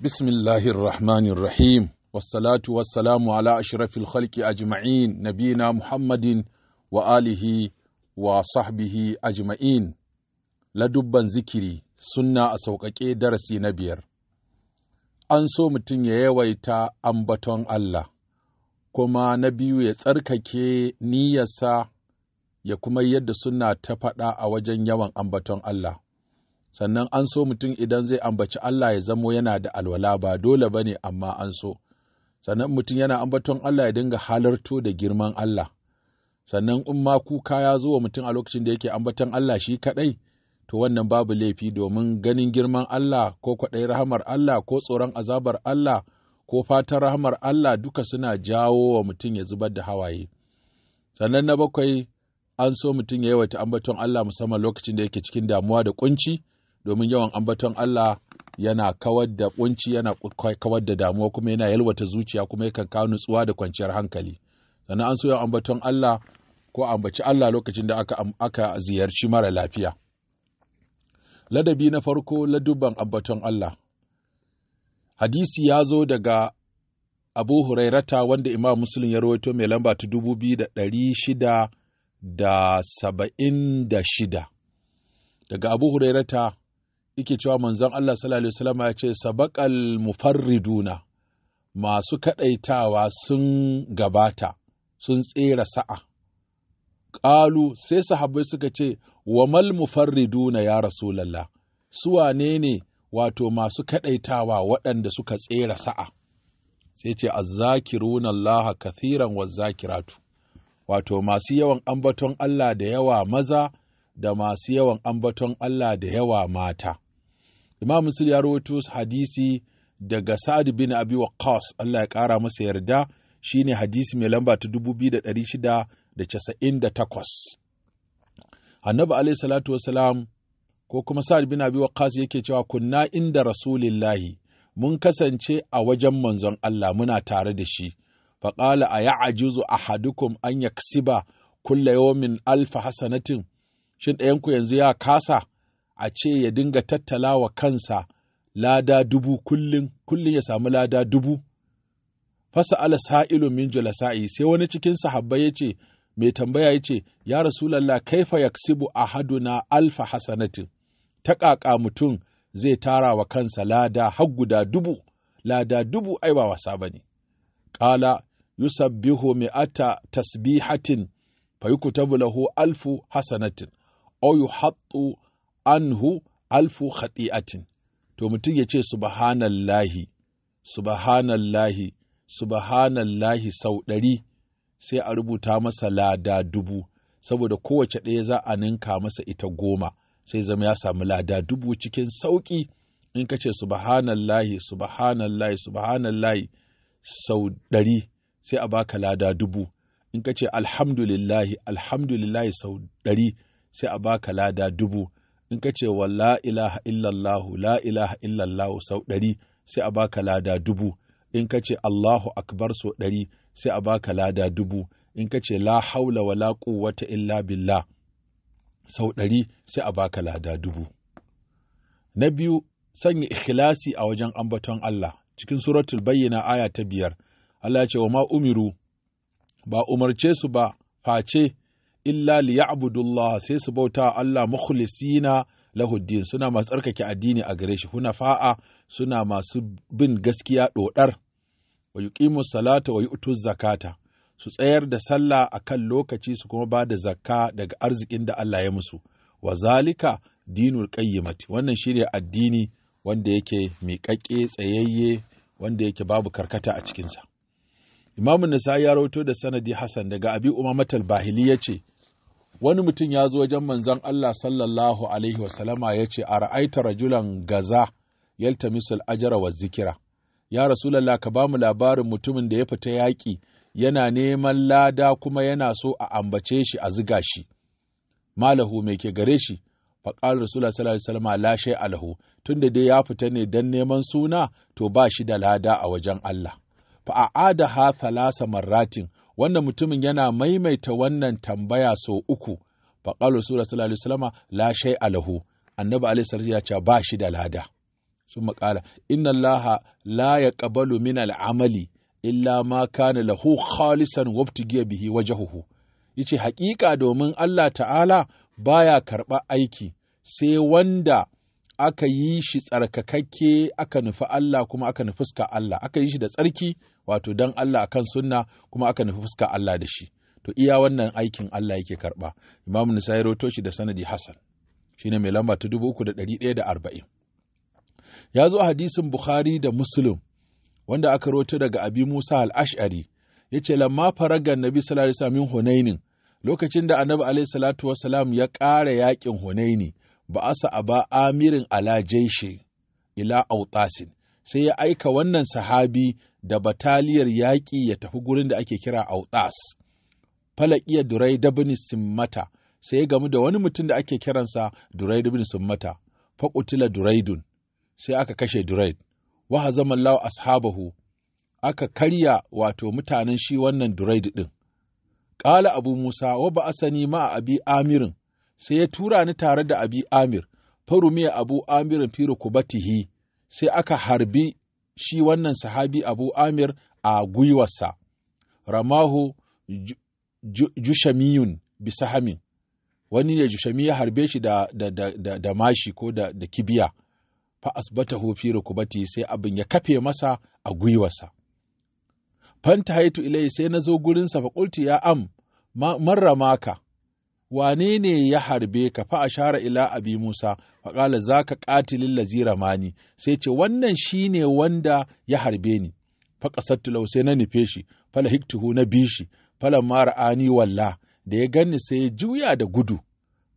bismillahir rahmanir rahim wassalatu wassalamu ala ashrafil khalqi Ajima'i, nabina muhammadin wa alihi wa sahbihi ajma'in ladubban zikiri sunna a sauƙaƙe darasi na biyar an so mutum ya yawaita ambaton Allah kuma na biyu ya tsarkake niyyarsa ya kuma yadda suna ta faɗa a wajen yawan ambaton Allah sannan an so mutum idan zai ambaci Allah ya zamo yana da alwala ba dole ba ne amma an so, sannan mutum yana ambaton Allah ya dinga halarto da girman Allah, sannan in ma kuka ya zo wa mutum a lokacin da yake ambaton Allah shi kaɗai, to wannan babu laifi domin ganin girman Allah ko kwaɗayi rahamar Allah ko tsoron azabar Allah ko fatan rahamar Allah duka suna jawo wa mutum ya zubar da hawaye. Sannan na bakwai an so mutum ya yawaita ambaton Allah musamman lokacin da yake cikin damuwa da kunci. domin yawan ambaton Allah yana kawar da kunci yana kawar da damuwa kuma yana yalwata zuciya kuma yakan kawo nutsuwa da kwanciyar hankali sannan an so yawan ambaton Allah ko ambaci Allah lokacin da aka aka ziyarci mara lafiya ladabi na farko ladubban ambaton Allah hadisi ya zo daga Abu Hurairata wanda Imam Muslim ya rawaito mai lamba ta dubu biyu da ɗari shida da saba'in da shida. Daga Abu Hurairata yake cewa manzon Allah sallallahu alaihi wasallam ya ce sabaqal mufarriduna masu kadaitawa sun gabata sun tsera sa'a qalu sai sahabbai suka ce wa mal mufarriduna ya rasulullah su wane ne wato masu kadaitawa waɗanda suka tsera sa'a sai ce azzakiruna Allah kathiran wazzakiratu wato masu yawan ambaton Allah da yawa maza da masu yawan ambaton Allah da yawa mata imam Musul ya rawaito hadisi daga sa'ad bin abi waqqas Allah ya kara masa yarda shine hadisi mai lamba ta 2698 annabi alaihi salatu wasalam ko kuma sa'ad bin abi waqqas yake cewa kunna inda rasulillahi mun kasance a wajen manzon Allah muna tare da shi faƙala a ya'ajizu ahadukum an yaksiba kulla yawmin alfa hasanatin shin ɗayanku yanzu ya kasa a ce ya dinga tattala wa kansa lada dubu kullum, kullum ya samu lada dubu. Fasa ala sa'ilu min julasa'i sai wani cikin sahabba ya ce, mai tambaya ya ce, Ya Rasulallah, kaifa yaksibu haduna alfa hasanatin, ta ƙaƙa mutum zai tara wa kansa lada har guda dubu, lada dubu ai ba wasa ba ne. Ƙala, yusabbihu ata tasbihatin fa yuktabu lahu alfu hasanatin, aw yuhattu anhu alfu khati'atin to mutum ya ce subhanallahi subhanallahi subhanallahi sau ɗari sai a rubuta masa lada dubu saboda kowace ɗaya za a ninka masa ita goma sai zama ya samu lada dubu cikin sauƙi in ka ce subhanallahi subhanallahi subhanallahi sau ɗari sai a baka lada dubu in ka ce alhamdulillahi alhamdulillahi sau ɗari sai a baka lada dubu in ka ce wa la ilaha illallahu la ilaha illallahu sau ɗari sai a baka lada dubu in ka ce Allahu akbar sau ɗari sai a baka lada dubu in ka ce la haula wa la quwwata illa billah sau ɗari sai a baka lada dubu na biyu sanya ikhlasi a wajen ambaton Allah cikin suratul bayyana aya ta biyar Allah ya ce wa ma umiru ba umarce su ba face illa liya'budullah sai su bauta Allah mukhlisina lahuddin suna masu tsarkake addini a gare shi fa'a suna masu bin gaskiya dodar wa yuqimu salata wa yu'tu zakata su tsayar da sallah akan lokaci su kuma ba da zakka daga arzikin da Allah ya musu wa zalika dinul qayyimati wannan shirya addini wanda yake miƙaƙe, tsayayye wanda yake babu karkata a cikinsa. Imamun Nisa ya rawato da sanadi Hassan daga Abi Umamatal Bahili ya ce, wani mutum ya zo wajen manzon Allah sallallahu alaihi wasallama ya ce a ra'aita rajulan gaza yalta misul ajara wa zikira ya rasulallah ka ba mu labarin mutumin da ya fita yaƙi yana neman lada kuma yana so a ambace shi a ziga shi malahu mai ke gare shi faƙar Rasulallah sallallahu alaihi alahu tunda dai ya fita ne dan neman suna to ba shi da lada a wajen Allah fa ha thalasa marratin wannan mutumin yana maimaita wannan tambaya sau uku faƙalu sura sallallahu alaihi la shay alahu annabi alaihi salatu ya ce ba shi da lada sun maƙala inna allaha la yaqbalu min al'amali illa ma kana lahu khalisan wabtigiya bihi wajhuhu yace haƙiƙa domin Allah ta'ala baya karɓa aiki sai wanda aka yi shi tsarkakakke aka nufi Allah kuma aka nufi fuska Allah aka yi shi da tsarki wato dan Allah akan sunna kuma aka nufi fuska Allah da shi to iya wannan aikin Allah yake karɓa. Imam Nisa ya roto shi da sanadi Hassan shine mai lamba ta arba'in ya zo a hadisin Bukhari da Muslim wanda aka roto daga Abi Musa alashari ya ce lamma faraga Nabi sallallahu alaihi wasallam Hunainin lokacin da Annabi alaihi ya ƙara yakin Hunaini ba asa ba amirin ala ila autasin sai ya aika wannan sahabi da bataliyar yaƙi ya tafi gurin da ake kira Autas. Falakiya Durai Dabini Simmata sai ya gamu da wani mutum da ake kiransa Durai Dabini Simmata, faƙutila Duraidun, sai aka kashe Duraid, waha zaman lawa ashabahu, aka karya wato mutanen shi wannan Duraid ɗin. Ƙala Abu Musa, wa ba asani ma a abi Amirin, sai ya tura ni tare da abi Amir, farumiya Abu Amirin ku batihi sai aka harbi shi wannan sahabi abu amir a gwiwarsa ramahu jushamiyun bisahamin wani ne jushami ya harbe shi da, da, da, mashi ko da, da kibiya fa asbata fi rukubati sai abin ya kafe masa a gwiwarsa fanta haitu ilai sai na zo gurinsa fakulti ya am marra maka wane ne ya harbe ka fa ashara ila abi musa faƙala za ka ƙatilin lazira mani sai ce wannan shi ne wanda ya harbe ni faƙasattu lau sai na nufe shi fala hiktuhu na bi shi fala mara ani walla da ya gani sai ya juya da gudu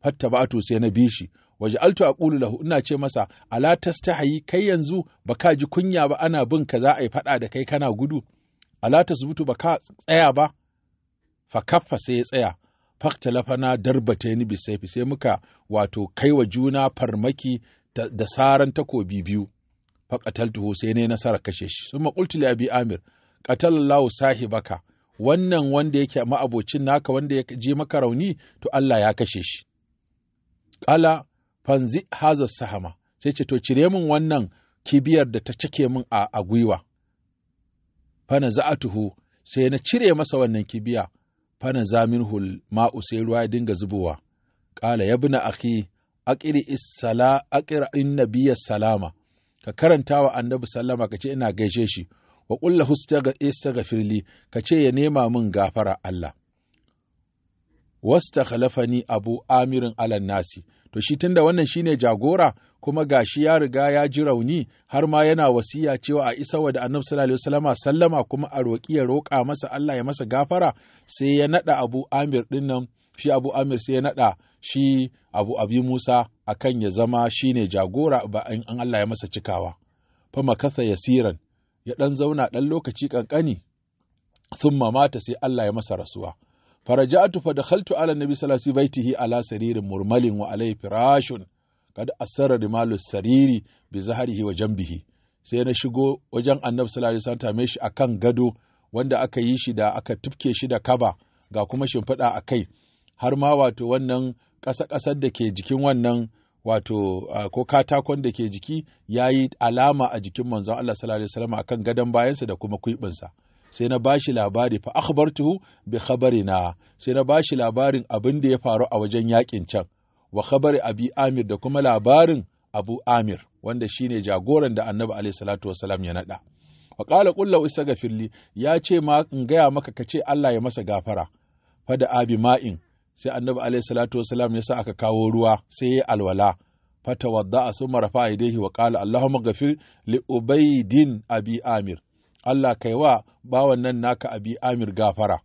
fatta ba'atu sai na bi shi waje altu a ƙulu lahu ina ce masa ala tastahayi kai yanzu ba ka ji kunya ba ana bin ka za a yi faɗa da kai kana gudu ala tasbutu ba ka tsaya ba fa kaffa sai ya tsaya faktalafana darbata ni bisaifi sai muka wato kaiwa juna farmaki da saran takobi biyu tuho sai ne nasara kashe shi sun qultu li abi amir sahi sahibaka wannan wanda yake ma'abocin naka wanda ya je maka rauni to Allah ya kashe shi ƙala fanzi haza sahama sai ce to cire min wannan kibiyar da ta cike min a, a gwiwa fana za'atuhu sai na cire masa wannan kibiya fana zaminhul ma'u sai ruwa ya dinga zubowa ƙala ya bina akhi aqri isala in salama ka karanta wa annabi sallama ka ce ina gaishe shi wa ƙulla husta ga firli, ka ce ya nema min gafara Allah wasta ni abu amirin alan nasi to shi tunda wannan shine jagora kuma gashi ya riga ya ji rauni har ma yana wasiya cewa a isa wa da annabi sallallahu alaihi sallama kuma a roƙi ya roƙa masa Allah ya masa gafara sai ya nada Abu Amir din shi Abu Amir sai ya nada shi Abu Abi Musa akan ya zama shine jagora ba in an Allah ya masa cikawa fa makasa yasiran ya dan zauna dan lokaci kankani thumma mata sai Allah ya masa rasuwa faraja'tu fa dakhaltu ala nabi sallallahu alaihi baitihi ala saririn murmalin wa alayhi firashun kad asarra rimalu sariri bi zaharihi wa jambihi sai na shigo wajen annabi sallallahu alaihi wasallam tame shi akan gado wanda aka yi shi da aka tufke shi da kaba ga kuma shimfiɗa a kai har ma wato wannan ƙasa-ƙasar da ke jikin wannan wato ko katakon da ke jiki ya yi alama a jikin manzon Allah sallallahu alaihi wasallam akan gadon bayansa da kuma kuibinsa sai na bashi labari fa akhbartuhu bi khabarina sai na bashi labarin abin da ya faru a wajen yakin can wa khabar abi amir da kuma labarin abu amir wanda shine jagoran da annabi alaihi salatu wasalam ya naɗa. wa qala qul law firli ya ce ma in gaya maka kace Allah ya masa gafara fa da abi ma'in sai annabi alaihi salatu wasalam ya sa aka kawo ruwa sai ya alwala fa fatawadda summa rafa yadayhi wa qala allahumma ghafir li ubaydin abi amir Allah kai wa bawan nan naka abi amir gafara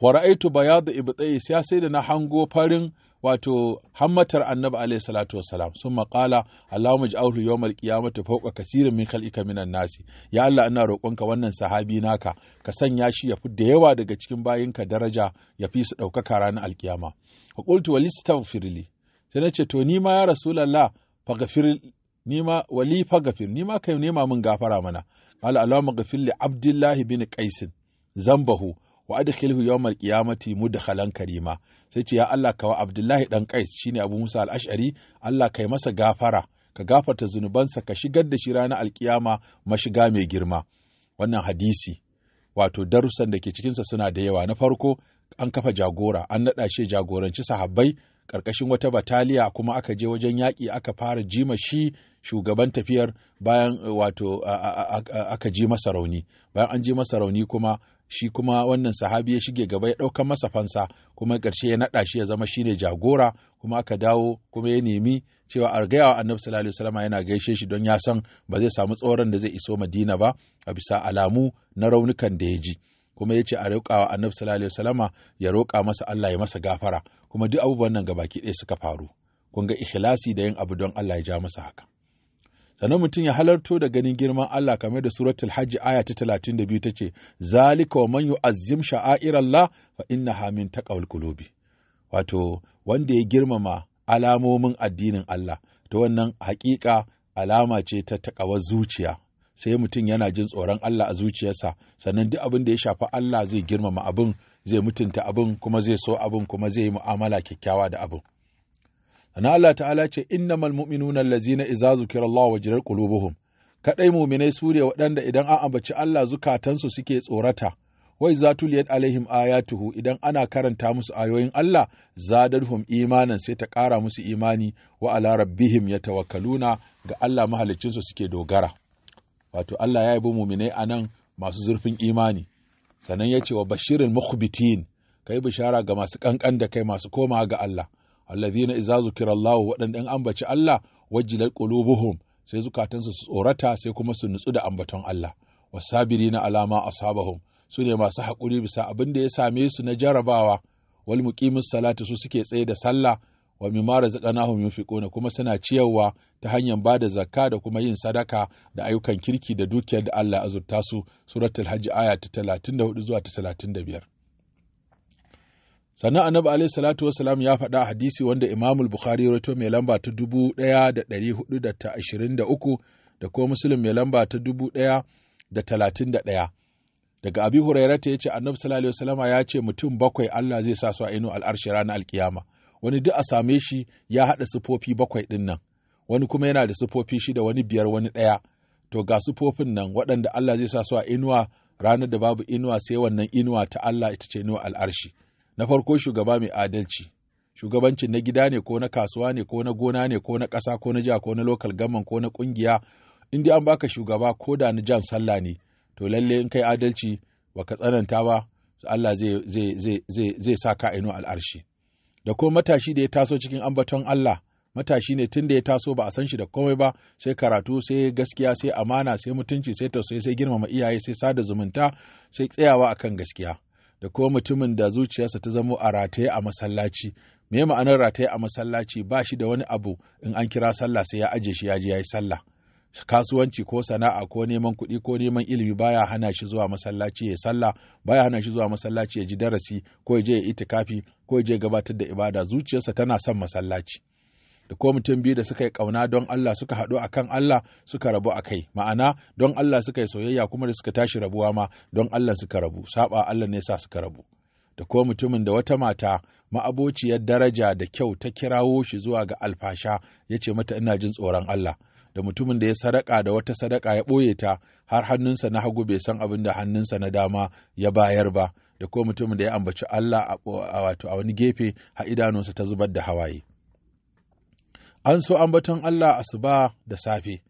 wa ra'aytu bayad ibtai sai sai da na hango farin wato hammatar annabi alayhi salatu sun maƙala Allahumma ij'alhu yawmal qiyamati fawqa kasirin min khalqika minan nasi ya Allah ina roƙonka wannan sahabi naka ka sanya shi ya fi da yawa daga cikin bayinka daraja ya fi su ɗaukaka ranar alkiyama wa qultu walistaghfirli sai na ce to ni ma ya rasulullah faghfir ni ma wali faghfir ni ma kai nema min gafara mana qala Allahumma ghfir li abdullahi bin qais zambahu wa adkhilhu yawmal qiyamati mudkhalan karima sai ce ya Allah kawa Abdullahi dan shi ne Abu Musa al-Ash'ari Allah kai masa gafara ka gafarta zunubansa ka shigar da shi ranar alkiyama mashiga mai girma wannan hadisi wato darussan da ke cikinsa suna da yawa na farko an kafa jagora an naɗa shi jagoranci sahabbai ƙarƙashin wata bataliya kuma aka je wajen yaƙi aka fara jima shi shugaban tafiyar bayan wato aka ji masa rauni bayan an ji masa rauni kuma shi kuma wannan sahabi ya shige gaba ya ɗaukar masa fansa kuma ƙarshe ya naɗa shi ya zama shi ne jagora kuma aka dawo kuma ya nemi cewa a gaya wa annabi sallallahu alaihi wasallam yana gaishe shi don ya san ba zai samu tsoron da zai iso madina ba a bisa alamu na raunukan da ya ji kuma ya ce a roƙa wa annabi sallallahu alaihi wasallam ya roƙa masa Allah ya masa gafara kuma duk abubuwan nan gabaki ɗaya suka faru kun ga ikhlasi da yin abu don Allah ya ja masa haka sannan mutum ya halarto da ganin girman Allah kamar da suratul hajji aya ta talatin da biyu ta ce zalika wa man yu'azzim sha'airallah fa innaha min taqwal qulubi wato wanda ya girmama alamomin addinin Allah to wannan haƙiƙa alama ce ta takawar zuciya sai mutum yana jin tsoron Allah a zuciyarsa sannan duk abin da ya shafi Allah zai girmama abin zai mutunta abin kuma zai so abin kuma zai yi mu'amala kyakkyawa da abin Ana Allah ta'ala ce innamal mu'minuna allazina idza zukira Allah wajilat qulubuhum. Kaɗai mu'minai su ne waɗanda idan an ambaci Allah zukatansu suke tsorata. Wai za tuliyat alaihim ayatuhu idan ana karanta musu ayoyin Allah zadarhum imanan sai ta ƙara musu imani wa ala rabbihim yatawakkaluna ga Allah mahaliccinsu suke dogara. Wato Allah ya yi bi mu'minai anan masu zurfin imani. Sannan ya ce wa bashirin mukhbitin kai bishara ga masu kankan da kai masu koma ga Allah. allazina idza zukira Allah waɗanda in ambaci Allah wajilat qulubuhum sai zukatansu su tsorata sai kuma su nutsu da ambaton Allah wasabirina alama asabahum su ne masu haƙuri bisa abin da ya same su na jarabawa wal muqimus salati su suke tsaye da sallah wa mimma razaqnahum yunfiquna kuma suna ciyarwa ta hanyar ba da zakka da kuma yin sadaka da ayyukan kirki da dukiyar da Allah azurta su suratul hajj aya ta 34 zuwa ta 35 sannan annabi alayhi salatu wasalam ya faɗa a hadisi wanda imamul bukhari rato mai lamba ta dubu ɗaya da ɗari hudu da ta ashirin da uku da kuma muslim mai lamba ta dubu ɗaya da talatin da ɗaya daga abi hurairata ya ce annabi sallallahu alaihi wasallama ya ce mutum bakwai allah zai sa su a ino al'arshi ranar alkiyama wani duk a same shi ya haɗa sufofi bakwai ɗin nan wani kuma yana da sufofi shi da wani biyar wani ɗaya to ga sufofin nan waɗanda allah zai sa su a inuwa ranar da babu inuwa sai wannan inuwa ta allah ita ce inuwa al'arshi na farko shugaba mai adalci shugabancin na gida ne ko na kasuwa ne ko na gona ne ko na ƙasa ko na jiha ko na lokal gaman ko na ƙungiya in dai an baka shugaba ko da na jan sallah ne to lalle in kai adalci baka tsananta ba Allah zai sa ka aino al'arshi da kuma matashi da ya taso cikin ambaton Allah matashi ne tun da ya taso ba a san shi da komai ba sai karatu sai gaskiya sai amana sai mutunci sai tausayi sai girmama iyaye sai sada zumunta sai tsayawa akan gaskiya da kuma mutumin da zuciyarsa ta zamo a rataye a masallaci me ma'anar rataye a masallaci ba shi da wani abu in an kira sallah sai ya aje shi ya je ya yi sallah kasuwanci ko sana'a ko neman kuɗi ko neman ilimi baya hana shi zuwa masallaci ya sallah baya hana shi zuwa masallaci ya ji darasi ko ya je ya itikafi ko ya je gabatar da ibada zuciyarsa tana son masallaci da ko mutum biyu da suka yi ƙauna don Allah suka haɗu a kan Allah suka rabu a kai ma'ana don Allah suka yi soyayya kuma da suka tashi rabuwa ma don Allah suka rabu saɓa Allah ne sa suka rabu da ko mutumin da wata mata ma'abociyar daraja da kyau ta kirawo shi zuwa ga alfasha ya ce mata ina jin tsoron Allah da mutumin da ya sadaka da wata sadaka ya ɓoye ta har hannunsa na hagu bai san abin da hannunsa na dama ya bayar ba da ko mutumin da ya ambaci Allah a wato a wani gefe ha idanunsa ta zubar da hawaye an so ambaton Allah asuba da safe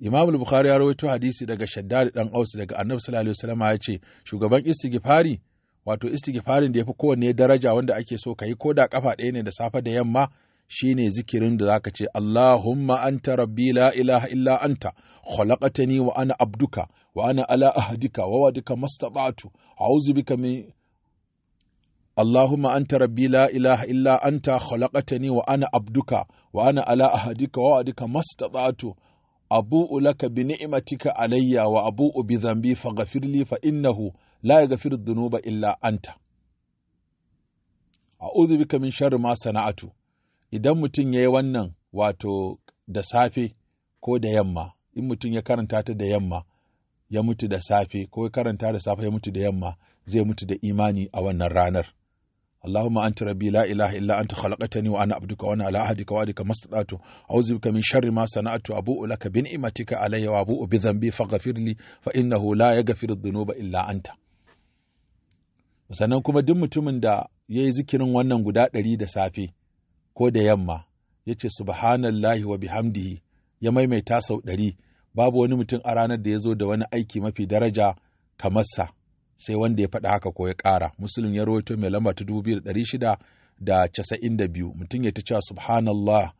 Imam Bukhari ya rawaito hadisi daga Shaddad dan Aus daga Annabi sallallahu alaihi wasallam ya ce shugaban istighfari wato istighfarin da yafi kowanne daraja wanda ake so kai ko da kafa ɗaya ne da safe da yamma shine zikirin da zaka ce Allahumma anta rabbi la ilaha illa anta khalaqtani wa ana abduka wa ana ala ahdika wa wadika mastata'tu a'udhu bika min Allahumma anta rabbi la ilaha illa anta khalaqtani wa ana abduka wa ana ala ahadika wa adika mastata'tu abu'u laka bi ni'matika alayya wa abu'u bi dhanbi faghfirli fa innahu la yaghfiru dhunuba illa anta a'udhu bika min sharri ma sana'atu idan mutum yayi wannan wato da safe ko da yamma in mutum ya karanta ta da yamma ya mutu da safe ko ya karanta da safe ya mutu da yamma zai mutu da imani a wannan ranar Sallamu anta rabi la ilaha illa'anta ana wa'an abdu ka wani al'adu ka wa'aduka maslato. Auzibiku kamar shan rima sana'a to abu ula ka binne matakan alayyahu abu zan biye faga fa in na hola yaga firin zinuba Sannan kuma duk mutumin da yayi zikirin wannan guda ɗari da safe ko da yamma, ya ce su bahanallahi wa bi hamdihi, ya maimaita sau ɗari. Babu wani mutum a ranar da ya zo da wani aiki mafi daraja kamar sa. sai wanda ya faɗa haka ko ya ƙara musulun ya rawaito mai lamba ta dubu biyu da ɗari shida da casa'in da biyu mutum ya ta cewa subhanallah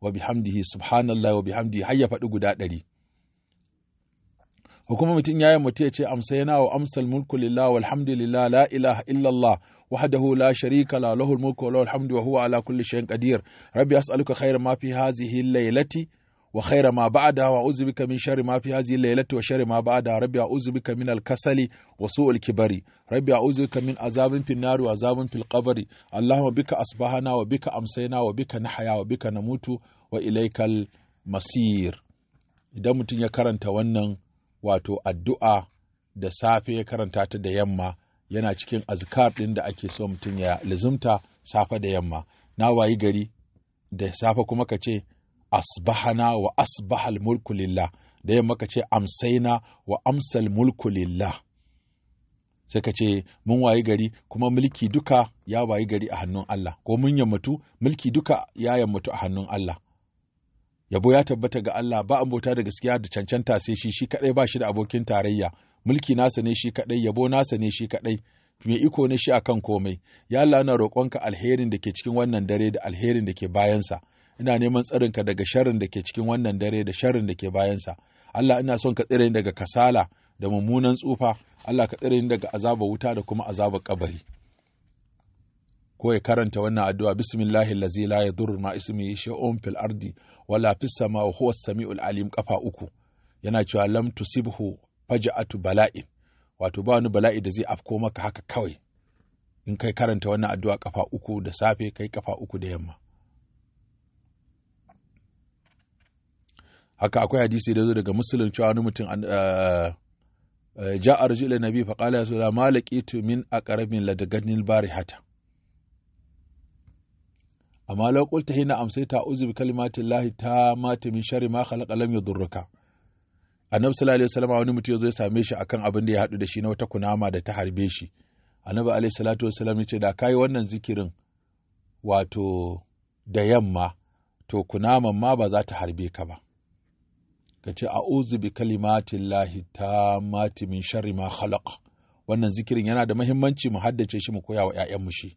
wa bihamdihi subhanallah wa bihamdihi har ya faɗi guda ɗari hukuma mutum ya yi mutu ya ce amsa yana wa amsal mulku lillah walhamdulillah la ilaha illallah وحده لا شريك له له الملك وله الحمد وهو على كل شيء قدير ربي أسألك خير ما في هذه الليلة wa khaira ma ba'da wa uzu bika min sharri ma fi hadhihi laylati wa sharri ma ba'da rabbi a'udhu bika min al-kasali wa su'il kibari rabbi a'udhu bika min azabin fin nari wa azabin fil qabri allahumma bika asbahana wa bika amsayna wa bika nahya wa bika namutu wa ilaykal masir idan mutum ya karanta wannan wato addu'a da safe ya karanta ta da yamma yana cikin azkar ɗin da ake so mutum ya lizumta safe da yamma na wayi gari da safe kuma ka ce asbahana wa asbahal mulku lillah da yamma ka ce amsaina wa amsal mulku lillah sai ka ce mun wayi gari kuma mulki duka ya wayi gari a hannun Allah ko mun yammatu mulki duka ya yammatu a hannun Allah yabo ya tabbata ga Allah ba bauta da gaskiya da cancanta sai shi shi kadai ba shi da abokin tarayya mulki nasa ne shi kadai yabo nasa ne shi kadai mai iko ne shi akan komai ya Allah na roƙonka alherin da ke cikin wannan dare da alherin da ke bayansa ina neman tsarinka daga sharrin da ke cikin wannan dare da sharrin da ke bayansa Allah ina son ka tsire ni daga kasala da mummunan tsufa Allah ka tsire ni daga azabar wuta da kuma azabar kabari ko ya karanta wannan addu'a bismillahi lazi la yadurru ma ismihi shay'un fil ardi wala fis wa huwa samiul alim kafa uku yana cewa lam sibhu faja'atu Bala'i. wato ba wani bala'i da zai afko maka haka kawai in kai karanta wannan addu'a kafa uku da safe kai kafa uku da yamma haka akwai hadisi da zo daga musulun cewa wani mutum ah, ah, ja'a rajul ila nabi fa qala ya ma laqitu min aqrabin ladaganil barihata amma law qulta hina amsayta uzu bi ta tamati min sharri ma khalaqa lam yadurruka annabi sallallahu alaihi wasallam wani mutum yazo ya same shi akan abin da ya hadu da shi na wata kunama da ta harbe shi annabi alaihi salatu wasallam yace da kai wannan zikirin wato da yamma to kunaman ma ba za ta harbe ka ba ka ce a'udhu bi kalimatin lahi ta min sharri ma khalaqa wannan zikirin yana da mahimmanci mu haddace shi mu koya wa 'ya'yanmu shi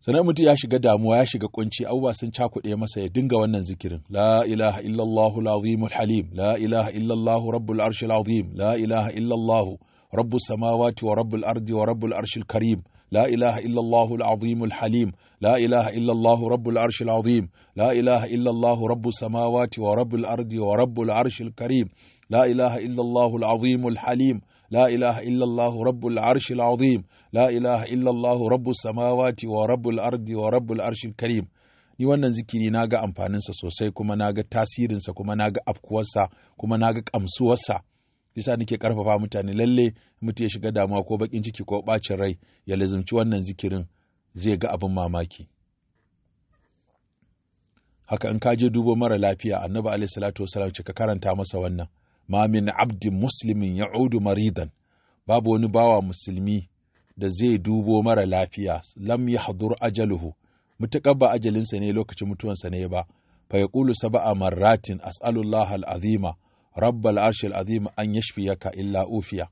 sanan mutum ya shiga damuwa ya shiga kunci abubuwa sun cakuɗe masa ya dinga wannan zikirin la ilaha illallah al-azim halim la ilaha illallah rabbul arshil azim la ilaha illallah rabbus samawati wa rabbul ardi wa rabbul arshil karim لا إله إلا الله العظيم الحليم لا إله إلا الله رب العرش العظيم لا إله إلا الله رب السماوات ورب الأرض ورب العرش الكريم لا إله إلا الله العظيم الحليم لا إله إلا الله رب العرش العظيم لا إله إلا الله رب السماوات ورب الأرض ورب العرش الكريم ni wannan zikiri na ga amfaninsa sosai kuma na ga tasirinsa kuma na ga afkuwarsa kuma na ga ƙamsuwarsa yasa nake karfafa mutane lalle mutu ya shiga damuwa ko bakin ciki ko bacin rai ya lazimci wannan zikirin zai ga abin mamaki haka in ka je dubo mara lafiya annabi alayhi salatu wasallam ka karanta masa wannan ma min abdin muslimin ya'udu maridan babu wani bawa musulmi da zai dubo mara lafiya lam yahdur ajaluhu mutakar ba ajalinsa ne lokacin mutuwansa ne ba fa yaqulu sab'a marratin as'alullaha al-azima rabbal arshil azim an yashfiyaka illa ufiya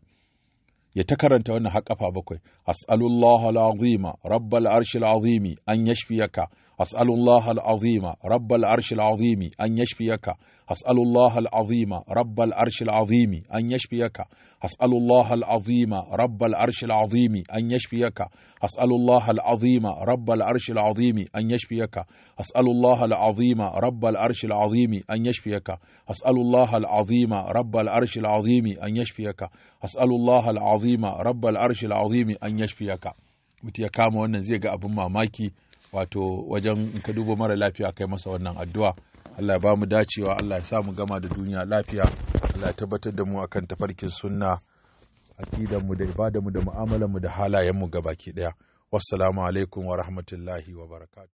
ya ta karanta wannan har kafa bakwai as'alullah al rabbal arshil azim an yashfiyaka as'alullah al rabbal arshil azim an yashfiyaka أسأل الله العظيم رب العرش العظيم أن يشفيك أسأل الله العظيم رب العرش العظيم أن يشفيك أسأل الله العظيم رب العرش العظيم أن يشفيك أسأل الله العظيم رب العرش العظيم أن يشفيك أسأل الله العظيم رب العرش العظيم أن يشفيك أسأل الله العظيم رب العرش العظيم أن يشفيك mutu ya kama wannan zai ga abin mamaki wato wajen in ka duba mara lafiya kai masa wannan addu'a Allah ya ba mu dacewa Allah ya sa mu gama da duniya lafiya Allah ya tabbatar da mu akan tafarkin sunna aqidan mu da ibadan mu da mu'amalan mu da halayen mu gabaki daya wassalamu alaikum wa rahmatullahi wa barakatuh